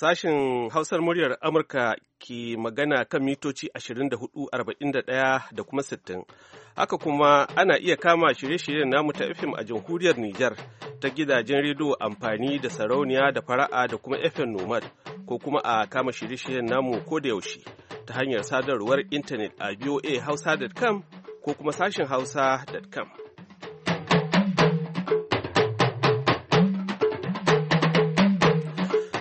Sashen Hausar muryar Amurka ke magana kan mitoci 24,41 da kuma 60. Haka kuma ana iya kama shirye-shiryen namu ta FM a jamhuriyar Nijar ta gidajen rediyo amfani da sarauniya da fara'a da kuma FM Nomad ko kuma a kama shirye-shiryen namu ko da yaushe ta hanyar sadarwar intanet a voa Hausa.com ko kuma sashen hausa.com.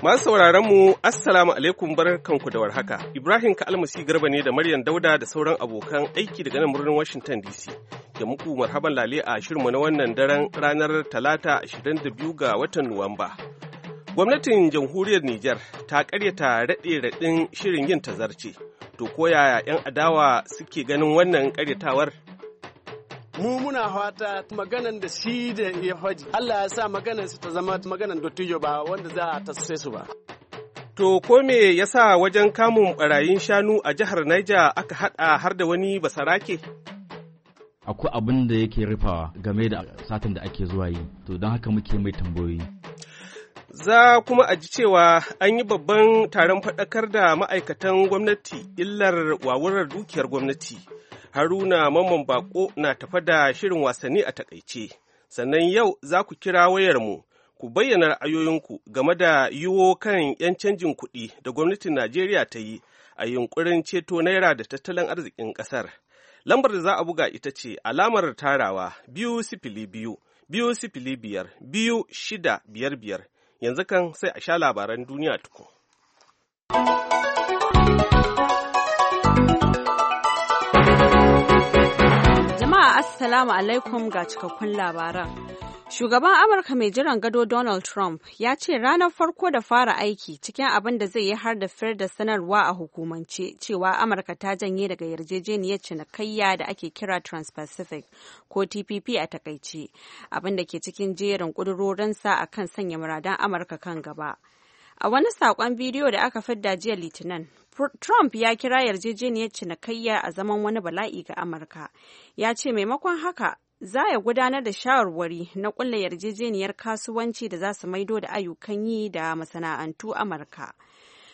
Masu sauraron mu Assalamu alaikum barkanku da warhaka. Ibrahim Kalmasi Garba ne da Maryam Dauda da sauran abokan aiki daga nan birnin Washington DC. Da muku marhaban lale a shirinmu na wannan daren ranar Talata 22 ga watan Nuwamba. Gwamnatin Jamhuriyar Nijar ta karyata raɗe-raɗin shirin yin tazarce. To koyaya 'yan adawa suke ganin wannan karyatawar? mu muna fata maganan da shi da ya faji Allah ya sa maganan su ta zama maganan dottijo ba wanda za a tasase su ba To ko me yasa wajen kamun barayin shanu a jihar Niger aka hada har da wani basarake? Akwai abin da yake rufawa game da satin da ake zuwa yi, to don haka muke mai tambayoyi. Za kuma a ji cewa an yi babban taron faɗakar da ma'aikatan gwamnati illar wawurar dukiyar gwamnati. Haruna Mamman Bako na tafa da shirin wasanni a takaice. Sannan yau za ku kira wayarmu ku bayyana ra'ayoyinku game da yiwo kan 'yan canjin kuɗi da gwamnatin Najeriya ta yi a yunkurin ceto naira da tattalin arzikin ƙasar. Lambar da za a buga ita ce alamar tarawa biyu sifili biyu biyu sifili biyar biyu shida biyar biyar yanzu kan sai a sha labaran duniya tuku Jama'a Assalamu alaikum ga cikakkun labaran. Shugaban Amurka mai jiran gado Donald Trump ya ce ranar farko da fara aiki cikin abin da zai yi har da fir da sanarwa a hukumance cewa Amurka ta janye daga yarjejeniyar cinikayya da ake kira Trans-Pacific ko TPP a takaice, abin da ke cikin jerin ƙudurorinsa a kan sanya muradan Amurka kan gaba. A wani saƙon bidiyo da aka fidda jiya Litinin, Trump ya kira yarjejeniyar cinikayya a zaman wani bala'i ga Amurka. Ya ce maimakon haka za ya gudanar da shawarwari na ƙulla yarjejeniyar kasuwanci da za su maido da ayyukan yi da masana'antu amurka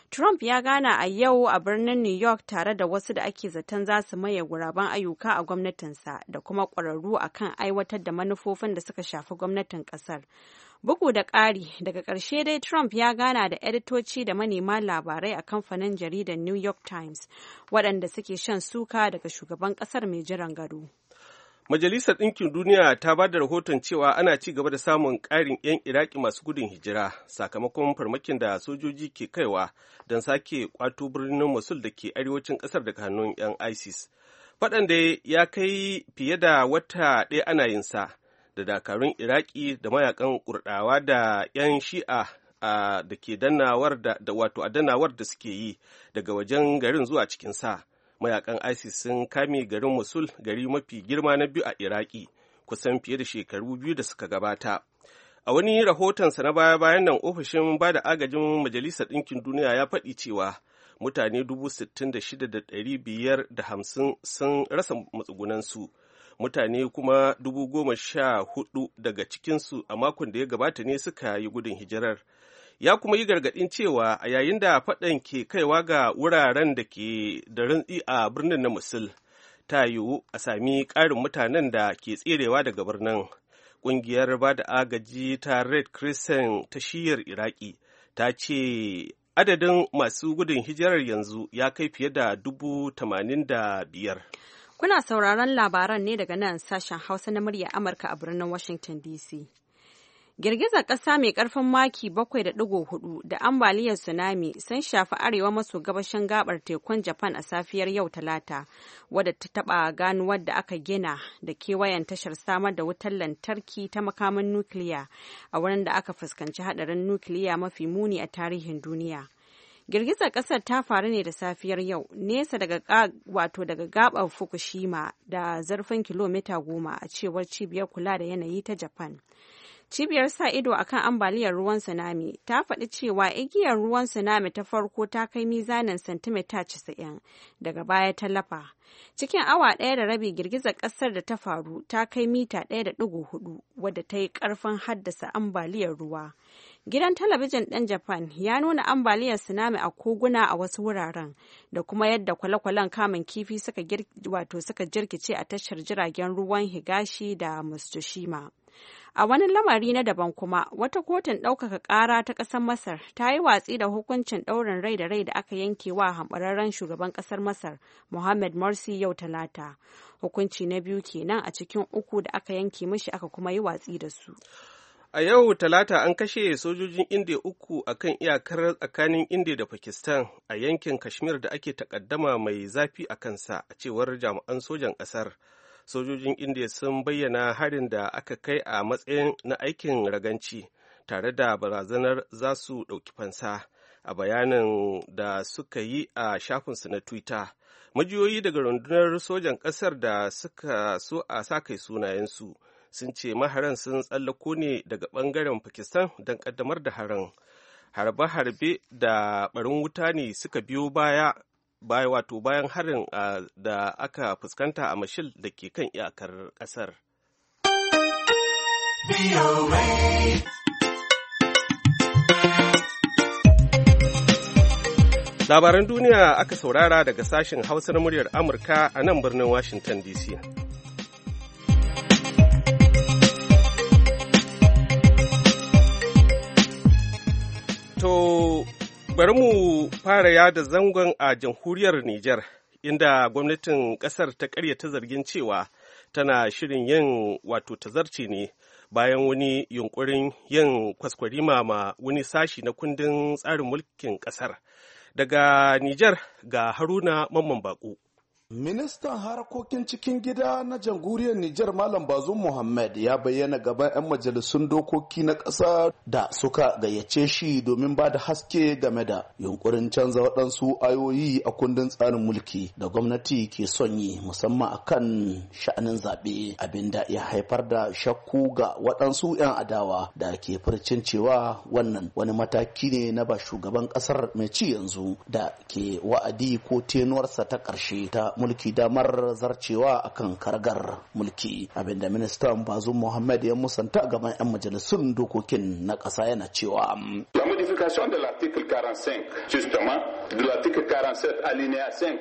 trump ya gana a yau a birnin new york tare da wasu da ake zaton za su maye guraben ayyuka a gwamnatinsa da kuma ƙwararru a kan aiwatar da manufofin da suka shafi gwamnatin ƙasar bugu da ƙari daga ƙarshe dai trump ya gana da editoci da manema labarai a kamfanin jaridar new york times waɗanda suke shan suka daga shugaban ƙasar mai jiran gado Majalisar Ɗinkin Duniya ta ba da rahoton cewa ana ci gaba da samun ƙarin 'yan Iraki masu gudun hijira sakamakon farmakin da sojoji ke kaiwa don sake kwato birnin Mosul da ke arewacin ƙasar daga hannun 'yan ISIS. Faɗan da ya kai fiye da wata ɗaya ana yin sa da dakarun Iraki da mayakan kurɗawa da 'yan Shi'a da ke da wato a danawar da suke yi daga wajen garin zuwa cikin sa. mayakan isis sun kame garin mosul gari mafi girma na biyu a iraki kusan fiye da shekaru biyu da suka gabata a wani rahotonsa na baya-bayan nan ofishin ba da agajin majalisar ɗinkin duniya ya faɗi cewa mutane da biyar hamsin sun rasa matsugunansu mutane kuma sha 14,000 daga cikinsu a makon da ya gabata ne suka yi gudun hijirar ya kuma yi gargaɗin cewa a yayin da faɗan ke kaiwa ga wuraren da ke da rantsi a birnin na musul ta yiwu a sami ƙarin mutanen da ke tserewa daga birnin ƙungiyar ba da agaji ta red crescent ta shiyar iraki ta ce adadin masu gudun hijirar yanzu ya kai fiye da dubu tamanin da biyar kuna sauraron labaran ne daga nan sashen hausa na murya amurka a birnin washington dc Girgizar ƙasa mai ƙarfin maki 7.4 da ambaliyar tsunami sun shafi arewa maso gabashin gabar tekun Japan a safiyar yau Talata, wadda ta taɓa ganuwar da aka gina da kewayen tashar samar da wutar lantarki ta makamin nukiliya a wurin da aka fuskanci haɗarin nukiliya mafi muni a tarihin duniya. Girgizar ƙasar ta faru ne da safiyar yau nesa daga wato daga gabar Fukushima da zarfin kilomita goma a cewar cibiyar kula da yanayi ta Japan. Cibiyar sa ido a kan ambaliyar ruwan tsunami ta faɗi cewa igiyar ruwan tsunami ta farko ta kai mizanin santimita 90 daga baya ta lafa. Cikin awa ɗaya da rabi girgizar ƙasar da ta faru ta kai mita 1.4 wadda ta yi ƙarfin haddasa ambaliyar ruwa. Gidan talabijin ɗin Japan ya nuna ambaliyar tsunami a koguna a wasu wuraren da kuma yadda kwale-kwalen kamun kifi suka wato suka jirkice a tashar jiragen ruwan Higashi da mustoshima A wani lamari na daban kuma, wata kotun ɗaukaka ƙara ta ƙasar Masar ta yi watsi da hukuncin ɗaurin rai da rai da aka yanke wa hamɓararren shugaban ƙasar Masar, Mohamed Morsi yau Talata. Hukunci na biyu kenan a cikin uku da aka yanke mashi aka kuma yi watsi da su. A yau Talata an kashe sojojin Indiya uku a kan iyakar tsakanin Indiya da Pakistan a yankin Kashmir da ake takaddama mai zafi a kansa a cewar jami'an sojan ƙasar. Sojojin Indiya sun bayyana harin da aka kai a matsayin na aikin raganci tare da barazanar za su ɗauki fansa a bayanin da suka yi a shafinsu na Twitter. Majiyoyi daga rundunar sojan ƙasar da suka so a sa kai sunayensu. sun ce maharan sun tsallako ne daga bangaren pakistan don kaddamar da harin harbe-harbe da barin wuta ne suka biyo baya baya wato bayan harin da aka fuskanta a mashil da ke kan iyakar kasar labaran duniya aka saurara daga sashen hausa na muryar amurka a nan birnin washington dc Bari mu fara yada zangon a jamhuriyar Nijar, inda gwamnatin ƙasar ta ƙaryata zargin cewa tana shirin yin wato tazarci ne bayan wani yunkurin yin kwaskwarima ma wani sashi na kundin tsarin mulkin ƙasar. Daga Nijar ga Haruna Mamman Baƙo. Ministan harkokin cikin gida na jamhuriyar Nijar Malam Bazum Muhammad ya bayyana gaban 'yan majalisun dokoki na ƙasa da suka gayyace shi domin ba da haske game da yunkurin canza waɗansu ayoyi a kundin tsarin mulki da gwamnati ke son yi musamman a kan sha'anin zaɓe abinda ya haifar da shakku ga waɗansu 'yan adawa da ke furcin cewa wannan wani mataki ne na ba shugaban ƙasar mai ci yanzu da ke wa'adi ko tenuwarsa ta ƙarshe ta mulki damar zarcewa akan kargar mulki abinda ministan bazu muhammad ya musanta gaban 'yan majalisun dokokin na ƙasa yana cewa modification de l'article 45, justement, de l'article 47 5.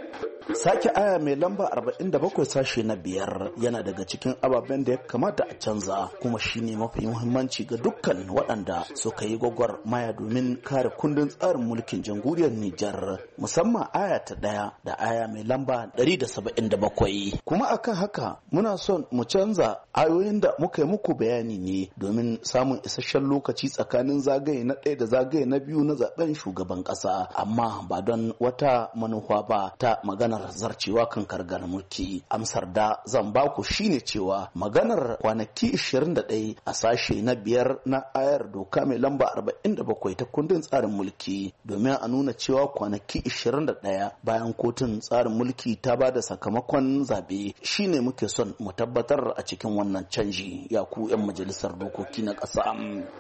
Sake aya mai lamba 47 sashe na biyar yana daga cikin ababen da ya kamata a canza kuma shi ne mafi muhimmanci ga dukkan waɗanda suka yi gwagwar maya domin kare kundin tsarin mulkin jamhuriyar Nijar musamman aya ta ɗaya da aya mai lamba 177 kuma akan haka muna son mu canza ayoyin da muka yi muku bayani ne domin samun isasshen lokaci tsakanin zagaye na ɗaya da zagaye na biyu na zaben shugaban ƙasa amma ba don wata manufa ba ta maganar zarcewa kan kargar mulki amsar da zan ba baku shine cewa maganar kwanaki 21 a sashe na biyar na ayar doka mai lamba 47 ta kundin tsarin mulki domin a nuna cewa kwanaki 21 bayan kotun tsarin mulki ta ba da sakamakon zaɓe, zabe ne muke son mu tabbatar a cikin wannan canji ya ku 'yan majalisar dokoki na ƙasa.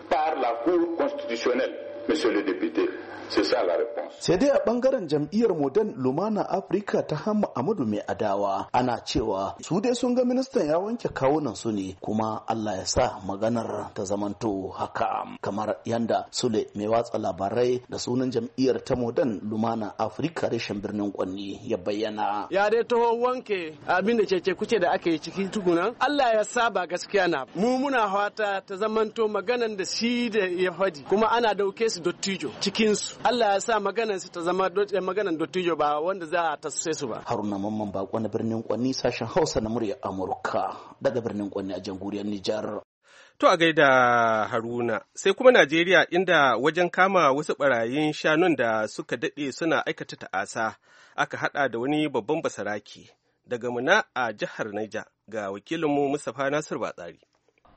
Par la Cour constitutionnelle, monsieur le député. Sai dai a bangaren jam'iyyar Modern Lumana africa ta Hamma Amadu mai adawa ana cewa su dai sun ga ministan ya wanke kawunan su ne kuma Allah ya sa maganar ta zamanto haka kamar yanda Sule mai watsa labarai da sunan jam'iyyar ta Modern Lumana africa reshen birnin Kwanni ya bayyana. Ya dai taho wanke abin da cece kuce da ake yi ciki tukunan Allah ya sa ba gaskiya na mu muna hawata ta zamanto maganan da shi da ya faɗi kuma ana dauke su dottijo cikinsu Allah ya sa maganar su ta zama eh, maganar dottijo ba wanda za a tasse su ba Haruna Mamman Bako na birnin Kwanni sashen Hausa na murya Amurka daga birnin Kwanni a jamhuriyar Nijar To a gaida Haruna, sai kuma Najeriya inda wajen kama wasu barayin shanun da suka daɗe suna aikata ta'asa aka haɗa da wani babban basaraki daga muna a jihar Naija ga wakilinmu Mustapha Nasir Batsari.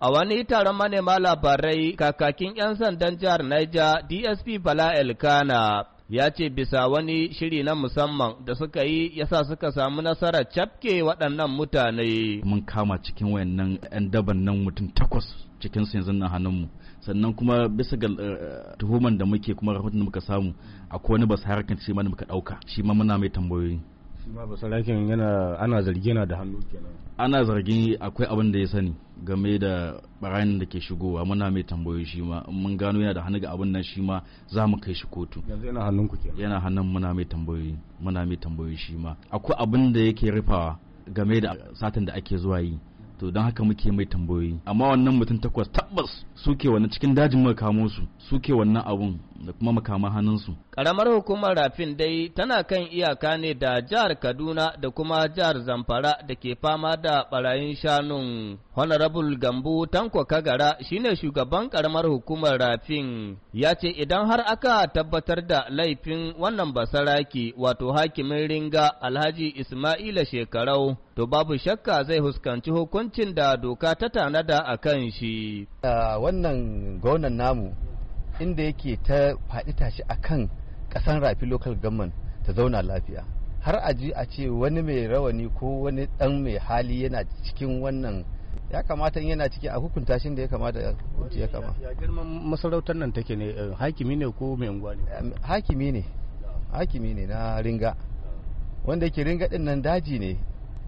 A wani taron manema labarai kakakin 'yan sandan jihar Niger DSP Bala Elkana ya ce bisa wani shiri na musamman da suka yi yasa suka samu nasarar cafke waɗannan mutane. Mun kama cikin wayannan 'yan daban nan mutum takwas cikin su yanzu na hannunmu sannan kuma bisa ga eh, tuhuman da muke kuma rahoton da muka samu akwai wani su harkar shi ma da muka ɗauka shi ma muna mai tambayoyi. shi ma yana ana zargi yana da hannu kenan ana zargin akwai abin da ya sani game da barayin da ke shigowa muna mai tambayoyi shi ma mun gano yana da hannu ga abin nan shi ma za mu kai shi kotu yanzu yana hannun ku kenan yana hannun muna mai tambayoyi muna mai tambayoyi shi ma akwai abin da yake rufawa game da satin da ake zuwa yi to don haka muke mai tambayoyi amma wannan mutum takwas tabbas suke wannan cikin dajin muka kamo su suke wannan abun da kuma makaman hannunsu. Ƙaramar hukumar rafin dai tana kan iyaka ne da jihar Kaduna da kuma jihar Zamfara da ke fama da ɓarayin shanun. Honorable Gambo Tanko Kagara shine shugaban ƙaramar hukumar rafin ya ce idan har aka tabbatar da laifin wannan basaraki wato hakimin ringa Alhaji Ismaila shekarau to babu shakka zai huskanci hukuncin da doka ta tanada a kan shi. Wannan gonan namu inda yake ta faɗi tashi a kan ƙasan rafi local government ta zauna lafiya har a ji a ce wani mai rawani ko wani dan mai hali yana cikin wannan ya kamata in yana cikin a hukunta shi da ya kamata ya ya kama ya girman masarautar nan take ne eh, hakimi ne ko mai unguwa ne hakimi ne hakimi ne na ringa wanda yake ringa din nan daji ne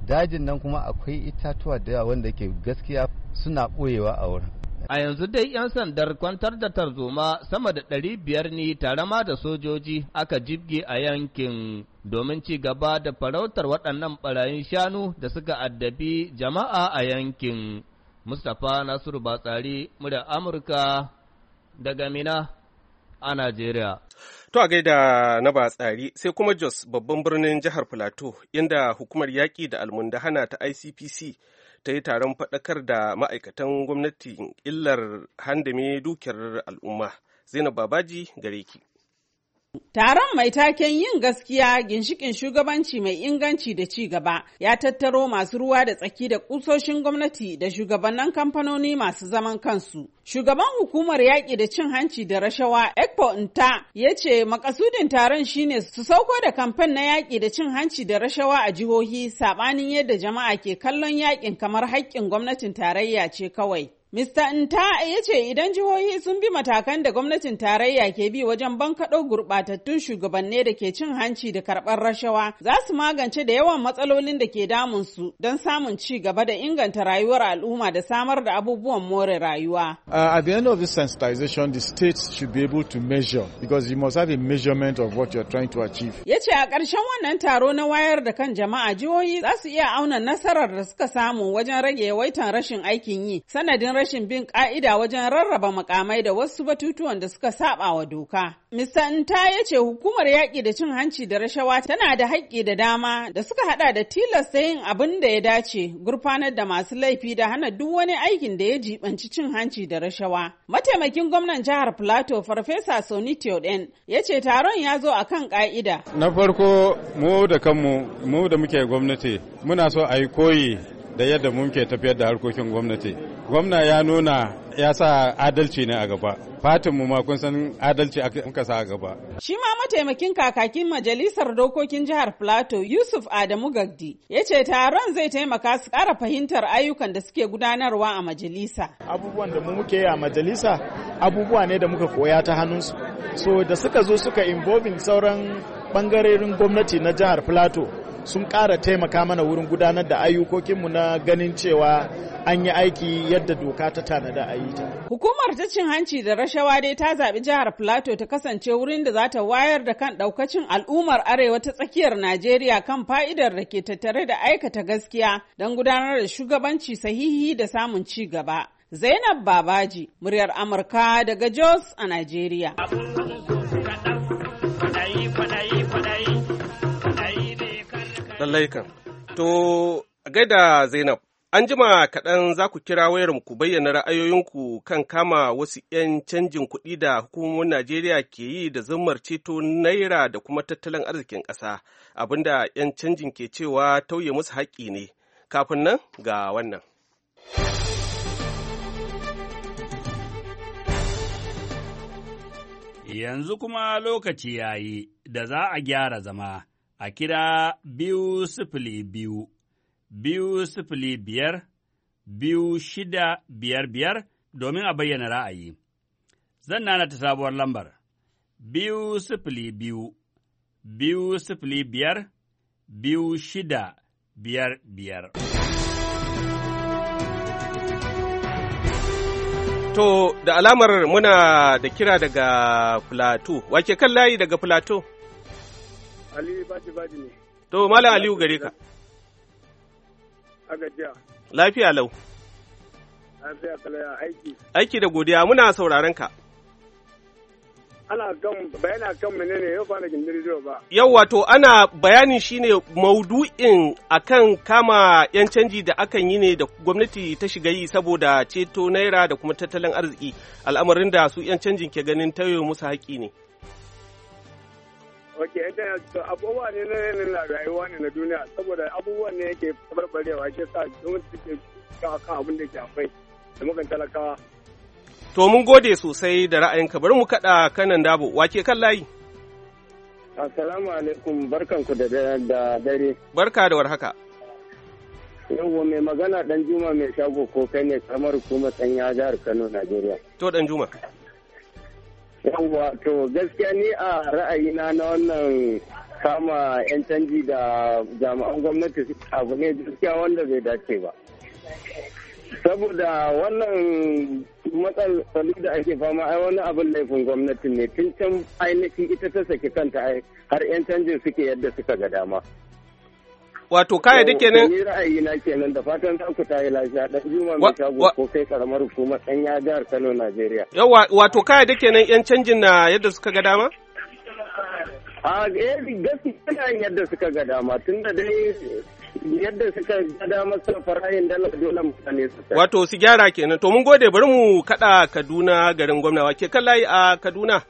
dajin nan kuma akwai itatuwa da yawa wanda ke gaskiya suna ɓoyewa a wurin A yanzu dai 'yan sandar kwantar da tarzoma sama da ɗari biyar ne tare ma da sojoji aka jibge a yankin domin ci gaba da farautar waɗannan ɓarayin shanu da suka addabi jama'a a yankin. Mustapha Nasiru Batsari, murya Amurka daga Mina a Najeriya. To a gaida na Batsari sai kuma Jos babban birnin jihar Filato inda hukumar yaƙi da almundahana ta ICPC ta yi taron faɗakar da ma'aikatan gwamnati illar handame dukiyar al'umma zainab babaji gare ki Taron mai taken yin gaskiya ginshikin shugabanci mai inganci da ci gaba ya tattaro masu ruwa da tsaki da kusoshin gwamnati da shugabannin kamfanoni masu zaman kansu. Shugaban hukumar yaƙi da cin hanci da rashawa Ekpo Nta ya ce makasudin taron shine su sauko da kamfen na yaƙi da cin hanci da rashawa a jihohi saɓanin yadda jama'a ke kallon yaƙin kamar haƙƙin gwamnatin tarayya ce kawai. Mr. Nta ya ce idan jihohi sun bi matakan da gwamnatin tarayya ke bi wajen bankaɗo gurɓatattun shugabanni da ke cin hanci da karɓar rashawa za su magance da yawan matsalolin da ke damunsu don samun ci gaba da inganta rayuwar al'umma da samar da abubuwan more rayuwa. Uh, at the end of this sensitization, the state should be able to measure because you must have a measurement of what you're trying to achieve. Ya ce a ƙarshen wannan taro na wayar da kan jama'a jihohi za su iya auna nasarar da suka samu wajen rage yawaitan rashin aikin yi sanadin rashin rashin bin ka'ida wajen rarraba makamai da wasu batutuwan da suka saba wa doka. Mr. Nta ya ce hukumar yaƙi da cin hanci da rashawa tana da haƙƙi da dama da suka haɗa da tilasta yin abin da ya dace gurfanar da masu laifi da hana duk wani aikin da ya jibanci cin hanci da rashawa. Mataimakin gwamnan jihar Plateau Farfesa Soni Teoden ya ce taron ya zo a kan ka'ida. Na farko mu da kanmu mu da muke gwamnati muna so a yi koyi da yadda muke tafiyar da harkokin gwamnati. gwamna ya nuna ya sa adalci ne a gaba fatinmu ma kun san adalci aka sa a gaba shi ma mataimakin kakakin majalisar dokokin jihar plateau yusuf adamu gagdi ya ce taron zai taimaka su kara fahimtar ayyukan da suke gudanarwa a majalisa abubuwan da muke muke a majalisa abubuwa ne da muka koya ta hannunsu so da suka zo suka involving sauran bangarorin gwamnati na jihar plateau sun ƙara taimaka mana wurin gudanar da ayyukokinmu na ganin cewa an yi aiki yadda doka ta tanada a yi Hukumar ta cin hanci da rashawa dai ta zaɓi jihar Plateau ta kasance wurin da za ta wayar da kan ɗaukacin al'ummar arewa ta tsakiyar Najeriya kan fa'idar da ke tattare da aikata gaskiya don gudanar da shugabanci sahihi da samun ci gaba. Zainab Babaji, muryar Amurka daga Jos a Najeriya. Lallai kan. To, gaida Zainab, an jima kaɗan za ku kira wayarmu ku bayyana ra'ayoyinku kan kama wasu 'yan canjin kuɗi da hukumomin Najeriya ke yi da zummar ceto naira da kuma tattalin arzikin ƙasa, abinda 'yan canjin ke cewa tauye musu haƙƙi ne. Kafin nan ga wannan. Yanzu kuma lokaci yayi da za a gyara zama. a kira biyu sifili biyu, biyu sifili biyar, biyu shida biyar biyar domin a bayyana ra'ayi. Zan nana ta sabuwar lambar, biyu sifili biyu, biyu sifili biyar, biyu shida biyar biyar. To, da alamar muna da kira daga Filato, wake kan layi daga Filato? Aliyu Baji Baji ne. To, Malam Aliyu gare ka. A gajiya. Lafiya lau. Lafiya kalaya aiki. Aiki da godiya muna sauraron ka. Ana kan bayani kan menene yau ba na gindin ba. Yau wato ana bayanin shine maudu'in akan kama 'yan canji da akan yi ne da gwamnati ta shiga yi saboda ceto naira da kuma tattalin arziki al'amarin da su 'yan canjin ke ganin tayo musu haƙi ne. Oke, ita to abubuwa ne na yanayin na rayuwa ne na duniya saboda abubuwa ne yake barbarewa shi sa gwamnati suke kawo kan abin da ke akwai da mukan talakawa. To mun gode sosai da ra'ayinka bari mu kaɗa kanan dabo wake kan layi. Assalamu alaikum barkanku da dare. Barka da warhaka. Yau mai magana dan Juma mai shago ko kai ne kamar kuma sanya jihar Kano Najeriya. To dan Juma. yawwa to gaskiya ni a ra'ayina na wannan kama 'yan canji da jami'an gwamnati abu ne gaskiya wanda bai dace ba saboda wannan matsaloli da ake fama ai wani abin laifin gwamnati ne tun can ainihin ita ta saki kanta har 'yan canjin suke yadda suka ga dama wato kaya da kenan ni ra'ayi na kenan da fatan za ku ta yi lafiya da juma mai shago ko kai karamar hukumar dan ya jihar Kano Najeriya yawa wato kaya da kenan yan canjin na yadda suka ga dama a eh gaskiya yadda suka ga dama tunda dai yadda suka ga damar son farayin dala dole mutane su wato su gyara kenan to mun gode bari mu kada Kaduna garin gwamna ke kan layi a Kaduna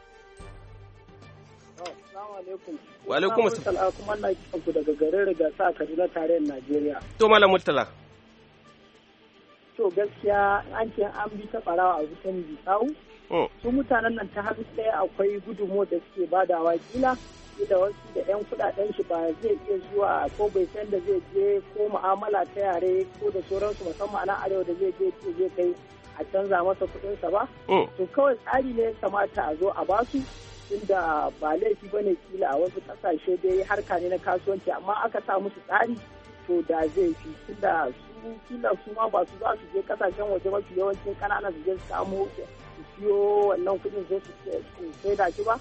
Wa alaikum assalam. kuma na ku daga garin Rigasa a Kaduna tarayyar Najeriya. To Malam Murtala. To gaskiya an ce an bi ta barawa a wutan Bisau. Oh. Su mutanen nan ta hannu ɗaya akwai gudunmu da suke badawa kila da wasu da 'yan kuɗaɗen shi ba zai iya zuwa ko bai san da zai je ko mu'amala ta yare ko da sauransu musamman na arewa da zai je ce zai kai a canza masa kuɗinsa ba. Oh. To kawai tsari ne ya kamata a zo a basu inda ba laifi bane kila a wasu kasashe dai harka ne na kasuwanci amma aka sa musu tsari to da zai fi tunda su kila su ma ba su za su je kasashen waje mafi yawancin kanana su je su samu su siyo wannan kudin sai su sai da shi ba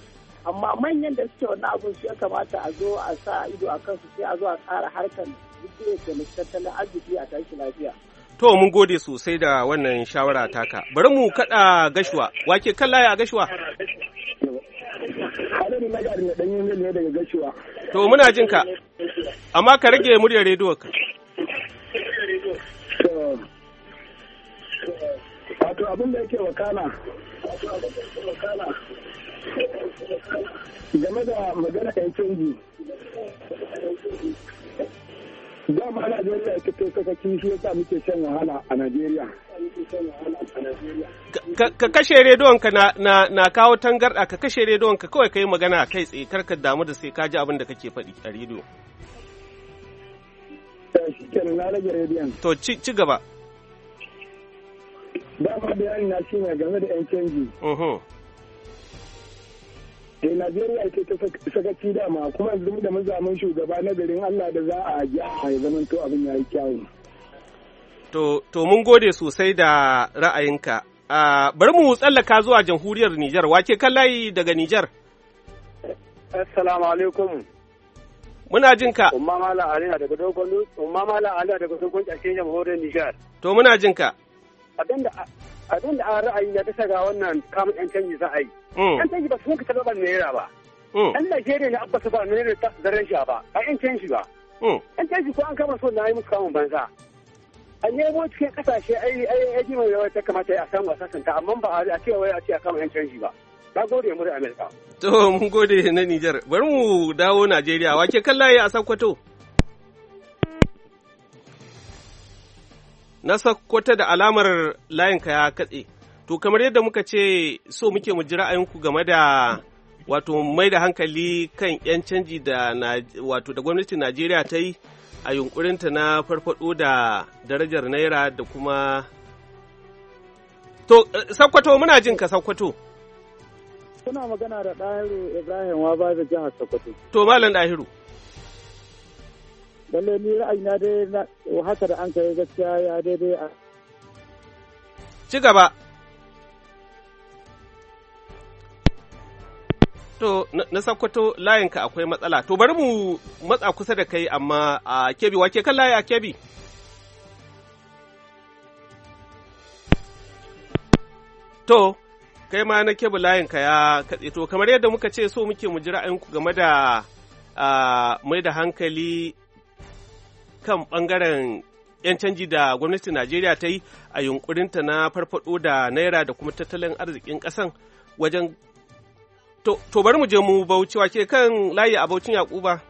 amma manyan da suke wannan abun su ya kamata a zo a sa ido a kansu sai a zo a tsara harkar duk da tattalin arziki a tashi lafiya. To mun gode sosai da wannan shawara taka. Bari mu kaɗa gashuwa. Wake kan laya a gashuwa? Alheri Magar ne dan ne daga gashuwa. To muna jin ka. Amma ka rage muryar rediyo ka. Wato abin da yake wakana. Game da magana ɗan canji. da Najeriya ita ce kasa kishi sa muke shan wahala a Najeriya. ka kashe rediyonka na na kawo tangarɗa ka kashe rediyonka kawai ka yi magana kai tsaye ka damu da sai ka ji abin da kake faɗi a rediyo. To ci ci gaba. da bayani na shi ne game da 'yan canji. da eh, Najeriya ita ta sakaci dama kuma yanzu da mazamin shugaba na garin Allah da za a ji a zaman to abin ya yi kyawun. To, to mun gode sosai da ra'ayinka. Uh, bari mu tsallaka zuwa jamhuriyar Nijar, wake layi daga Nijar. Assalamu alaikum. Muna jin ka. Umma Mala Aliya daga Dogon Umma Mala Aliya daga Dogon Ƙarshen Jamhuriyar Nijar. To muna jin ka. Abin da a ra'ayi na bisa ga wannan kamun ƴan canji za a yi. Yan mm. canji ba su sun ka ba naira ba. Ɗan mm. Najeriya ne abba su ba naira da ba, a ƴan canji ba. Mm. Ƴan canji ko an kama so na yi musu kamun banza. a nemo cikin kasashe ai ai ai mai yawa ta kamata a samu a sasanta amma ba a ce wai a ce a kama yan canji ba na gode mu da Amerika to mun gode na Niger bari mu dawo Najeriya wake kallaye a Sokoto na Sokoto da alamar layin ka ya katse to kamar yadda muka ce so muke mu ji ra'ayinku game da wato mai da hankali kan 'yan canji da wato da gwamnatin najeriya ta yi a yunkurinta na farfado da darajar naira da kuma to eh, sakwato muna jin ka sakwato. kuna magana da ɗahiru ibrahim wa ba da jihar Sakwato? to malam ɗahiru lalle ni ra'ayi na dai haka da an kai gaskiya ya daidai a ci gaba To, na Sokoto layinka akwai matsala. To, bari mu matsa kusa da kai amma a kebi, wake kan layi a kebi? To, kai ma na kebi layinka ya katse. To, kamar yadda muka ce so muke mu jira ra'ayinku game da mai da hankali kan ɓangaren 'yan canji da gwamnatin Najeriya ta yi a yunkurinta na farfado da naira da kuma tattalin arzikin ƙasan wajen To, bari mu je mu bauchi ke kan layi a baucin Yakuba.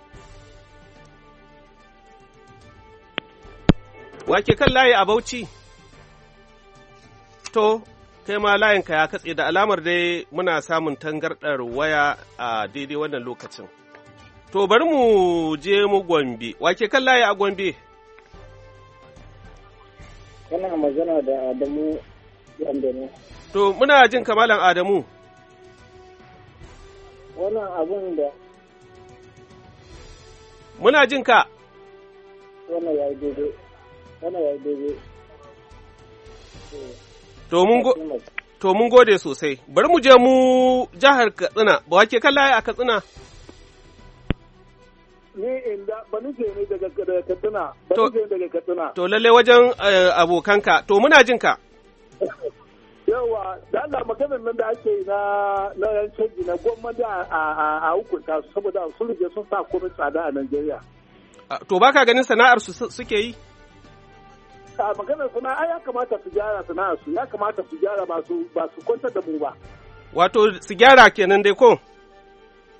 Wa ke kan layi a bauchi. To, kai ma layinka ya katse da alamar dai muna samun tangarɗar waya a daidai wannan lokacin. To, bari mu je mu Gombe. ke kan layi a Gombe. Kana magana da Adamu Gombe ne. To, muna jin kamalan Adamu. wannan abin da muna jin ka wannan ya yi daidai wannan ya yi daidai to mun gode sosai bari mu je mu jihar katsina ba wake kan laye a katsina ni inda bani je ne daga katsina bani je daga katsina to lalle wajen eh, abokanka to muna jin ka yawa da Allah maganar nan da ake na na yan canji na gwamnati a hukunta su saboda sun rige sun sa komai tsada a Najeriya. To baka ganin sana'ar su suke yi? A maganar sana'a ya kamata su gyara sana'ar su ya kamata su gyara ba su ba su kwantar da mu ba. Wato su gyara kenan dai ko?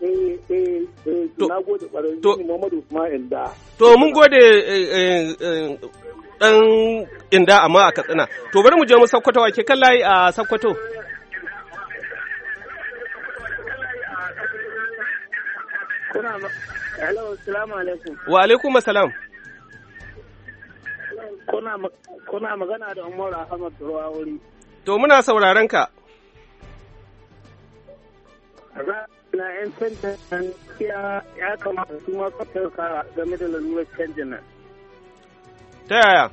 Eh, eh, eh, na gode Muhammadu da. To mun gode dan inda amma a katsina to bari mu je mu sakkwato wake ke layi a sakkwato wa alaikum assalam kuna magana da umaru ahmad ruwa wuri to muna sauraron ka na 'yan canjin ya kamata su ma game da lalurar canjin nan ta yaya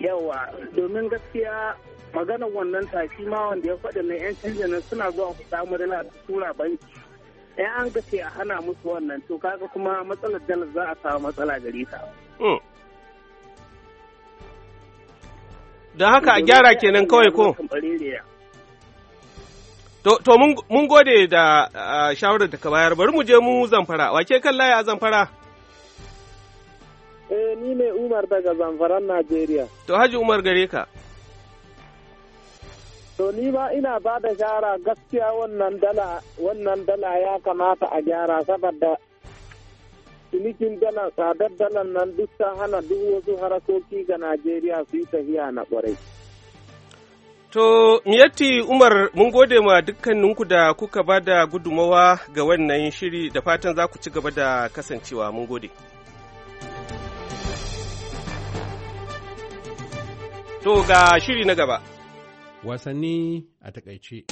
yawa domin gaskiya maganar wannan tafi ma wanda ya faɗi na 'yan canjin nan suna zuwa su samu da tura banki in an ga a hana musu wannan to kaga kuma matsalar dalar za a samu matsala gare ta hmm. don haka a gyara kenan kawai ko to mun gode da ah, shawarar da ka bayar bari mu je mu zamfara wake kan laya a zamfara Eh ni ne Umar daga Zamfaran Najeriya. To Haji Umar gare ka. To ni ba ina ba da shara gaskiya wannan dala wannan dala ya kamata a gyara saboda cinikin dala tsadar dala nan duk ta hana duk wasu harakoki ga Najeriya su yi tafiya na kwarai. To, Miyatti Umar, mun gode ma dukkaninku da kuka ba da gudumawa ga wannan shiri da fatan za ku ci gaba da kasancewa mun gode. To ga shiri na gaba. Wasanni a takaice.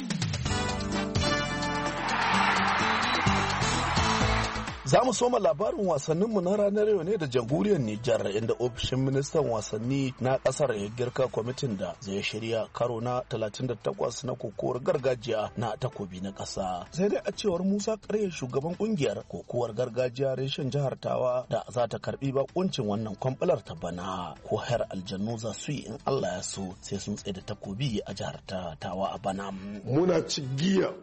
Za mu soma labarin wasanninmu na ranar yau ne da jamhuriyar Nijar inda ofishin ministan wasanni na kasar ya girka kwamitin da zai shirya karo na 38 na kokowar gargajiya na takobi na kasa. Sai dai a cewar Musa Karya shugaban kungiyar kokowar gargajiya reshen jihar Tawa da za ta karbi bakuncin wannan kwamfular ta bana. Ko har aljannu za su yi in Allah ya so sai sun tsaye da takobi a jihar Tawa a bana. Muna cigiya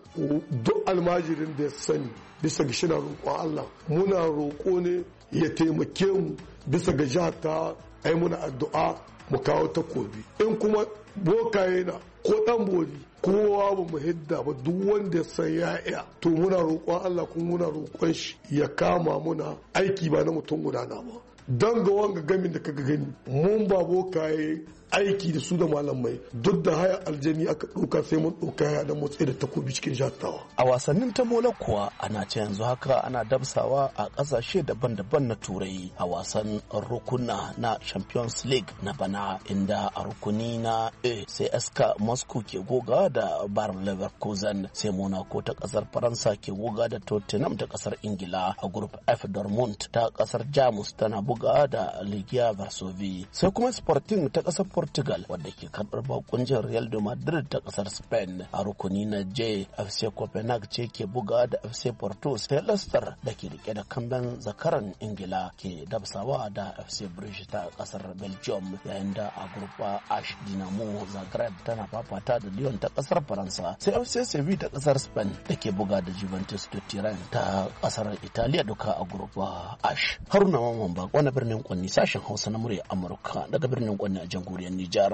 duk almajirin da ya sani bisa ga shina roƙon Allah muna roƙo ne ya taimake mu bisa ga jihar ta ai muna addu'a mu kawo takobi in kuma bokaye na ko dan boli kowa ba mu hidda ba duk wanda ya san ya to muna roƙon Allah kuma muna roƙon shi ya kama muna aiki ba na mutum gudana ba don ga wanga gamin da kaga gani mun ba bokaye aiki da su da malamai duk da haya aljani aka ɗauka sai mun ɗauka ya da motsi da takobi cikin jatawa. A wasannin ta mola kuwa ana ce yanzu haka ana dabsawa a ƙasashe daban-daban na turai a wasan rukuna na Champions League na bana inda a rukuni na A sai SK Moscow ke goga da Bar Leverkusen sai Monaco ta ƙasar Faransa ke goga da Tottenham ta ƙasar Ingila a Group F Dortmund ta ƙasar Jamus tana buga da Ligia Varsovie sai kuma Sporting ta ƙasar Portugal wadda ke karbar bakuncin Real de Madrid ta ƙasar Spain. A rukuni na J FC Copenhagen ce ke buga da FC Porto sai Leicester da ke rike da kamben zakaran Ingila ke dabsawa da FC Bruges ta kasar Belgium yayin da a gurfa Ash Dinamo Zagreb tana fafata da Lyon ta kasar Faransa sai FC Sevilla ta kasar Spain da ke buga da Juventus da Turin ta kasar Italiya duka a gurfa Ash. Haruna Mamman Bako na birnin Kwanni sashen Hausa na murya Amurka daga birnin Kwanni a jamhuriyar Nijar.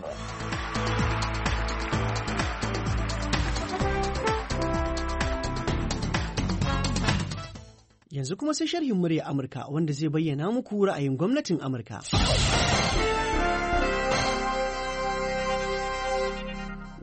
Yanzu kuma sai sharhin murya Amurka wanda zai bayyana muku ra'ayin gwamnatin Amurka.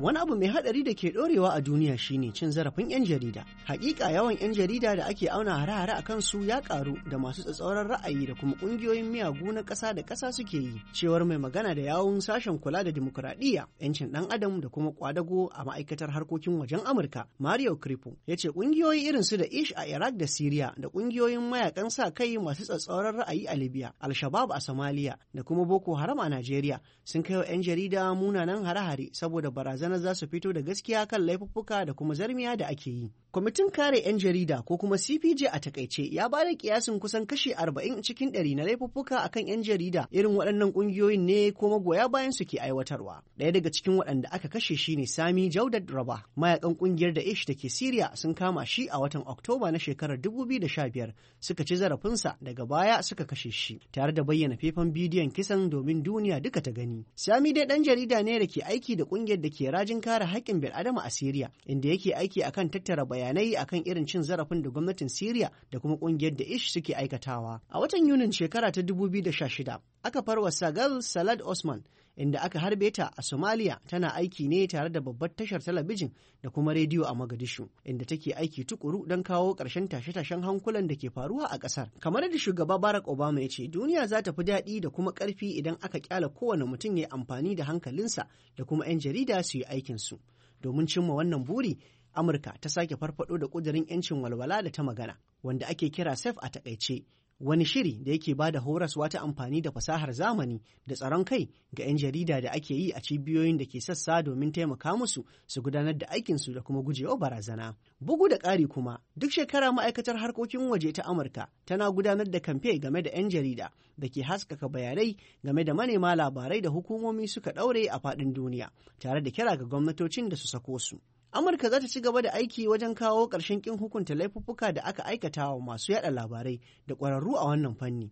Wani abu mai haɗari da ke ɗorewa a duniya shine cin zarafin 'yan jarida. Hakika yawan 'yan jarida da ake auna hare-hare a kansu ya ƙaru da masu tsatsauran ra'ayi da kuma ƙungiyoyin miyagu na ƙasa da ƙasa suke yi. Cewar mai magana da yawun sashen kula da dimokuraɗiyya, 'yancin ɗan adam da kuma kwadago a ma'aikatar harkokin wajen Amurka, Mario Kripo, ya ce ƙungiyoyi irin su da Ish a Iraq da Siriya da ƙungiyoyin mayakan sa kai masu tsatsauran ra'ayi a Libya, al shabab a Somalia da kuma Boko Haram a Najeriya sun kai wa 'yan jarida munanan hare-hare saboda barazanar ranar za su fito da gaskiya kan laifuffuka da kuma zarmiya da ake yi. Kwamitin kare 'yan jarida ko kuma CPJ a takaice ya ba da kiyasin kusan kashi arba'in cikin 100 na laifuffuka akan 'yan jarida irin waɗannan ƙungiyoyin ne ko magoya bayan su ke aiwatarwa. Ɗaya daga cikin waɗanda aka kashe shi ne Sami Jaudat Raba, mayakan ƙungiyar da ish da ke Siriya sun kama shi a watan Oktoba na shekarar 2015 suka ci zarafinsa daga baya suka kashe shi tare da bayyana faifan bidiyon kisan domin duniya duka ta gani. Sami dai ɗan jarida ne da ke aiki da ƙungiyar da ke rajin kare haƙƙin bil'adama a Siriya inda yake aiki akan tattara bayanai akan irin cin zarafin da gwamnatin Siriya da kuma ƙungiyar da ish suke aikatawa. A watan Yunin shekara ta 2016 aka farwa Sagal Salad Osman inda aka harbe ta a Somalia tana aiki ne tare da babbar tashar talabijin da kuma rediyo a Mogadishu inda take aiki tukuru don kawo ƙarshen tashe-tashen hankulan da ke faruwa a ƙasar. Kamar da shugaba Barack Obama ya ce duniya za ta fi daɗi da kuma ƙarfi idan aka ƙyala kowane mutum ya amfani da hankalinsa da kuma 'yan jarida su yi aikinsu. Domin cimma wannan buri, Amurka ta sake farfado da ƙudurin 'yancin walwala da ta magana, wanda ake kira SAFE a taƙaice. wani shiri da yake ba da horaswa ta amfani da fasahar zamani da tsaron kai ga 'yan jarida da ake yi a cibiyoyin da ke sassa domin taimaka musu su gudanar da aikinsu da kuma gujewa barazana. Bugu da ƙari kuma, duk shekara ma'aikatar harkokin waje ta Amurka tana gudanar da kamfe game da 'yan jarida da ke haskaka bayanai game da manema labarai da hukumomi suka ɗaure a faɗin duniya, tare da kira ga gwamnatocin da su sako su. Amurka za ta ci gaba da aiki wajen kawo ƙarshen ƙin hukunta laifuffuka da aka aikata wa masu yada labarai da ƙwararru a wannan fanni.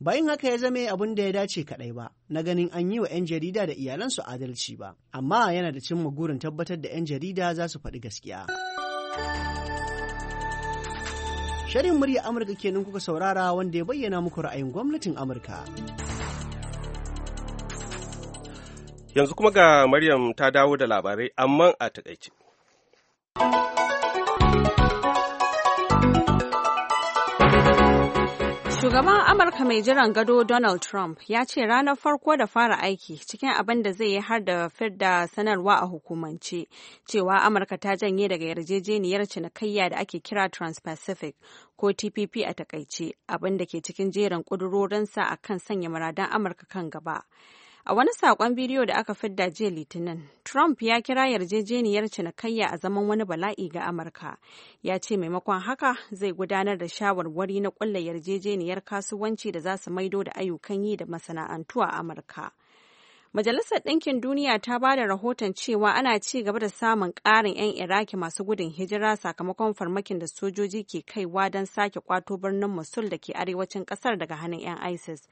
Bayan haka ya zame abin da ya dace kaɗai ba, na ganin an yi wa 'yan jarida da iyalansu adalci ba, amma yana da cimma gurin tabbatar da 'yan jarida za su faɗi gaskiya. Shirin murya Amurka kenan kuka saurara wanda ya bayyana muku ra'ayin gwamnatin Amurka. Yanzu kuma ga Maryam ta dawo da labarai, amma a taƙaice. Shugaban Amurka mai jiran gado Donald Trump ya ce ranar farko da fara aiki cikin abin da zai yi har da fidda sanarwa a hukumance cewa Amurka ta janye daga yarjejeniyar cinikayya da ake kira Trans-Pacific ko TPP a takaice abin da ke cikin jerin kudurorinsa a kan sanya muradan Amurka kan gaba. A wani saƙon bidiyo da aka fidda jiya Litinin, Trump ya kira yarjejeniyar cinikayya a zaman wani bala'i ga Amurka. Ya ce maimakon haka zai gudanar da shawarwari na ƙulla yarjejeniyar kasuwanci da za su maido da ayyukan yi da masana'antu a Amurka. Majalisar Ɗinkin Duniya ta ba da rahoton cewa ana ci gaba da samun ƙarin 'yan Iraki masu gudun hijira sakamakon farmakin da sojoji ke kaiwa don sake kwato birnin musul da ke arewacin ƙasar daga hannun 'yan ISIS.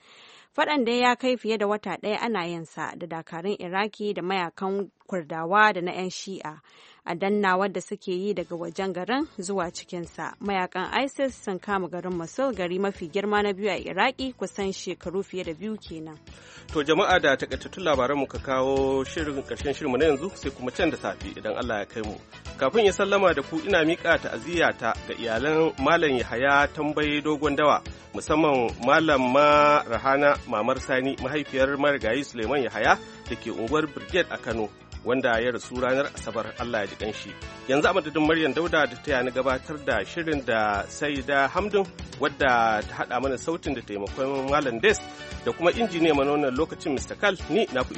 Faɗan dai ya kai fiye da wata ɗaya ana yinsa da dakarun Iraki da mayakan Kurdawa da na 'yan Shi'a. a danna da suke yi daga wajen garin zuwa cikinsa mayakan isis sun kama garin mosul gari mafi girma na biyu a iraki kusan shekaru fiye da biyu kenan to jama'a da takaitattun labaran ka kawo shirin karshen shirinmu na yanzu sai kuma can da safi idan allah ya kai mu kafin ya sallama da ku ina miƙa ta ga iyalan malam yahaya tambaye dogon dawa musamman malama rahana mamar sani mahaifiyar marigayi suleiman yahaya da ke unguwar brigade a kano wanda ya rasu ranar asabar Allah ya ji shi yanzu a madadin Maryam Dauda da ta yana gabatar da shirin da Saida Hamdun wadda ta haɗa mana sautin da taimakon Malam Des da kuma injiniya mana lokacin Mr. Kal ni na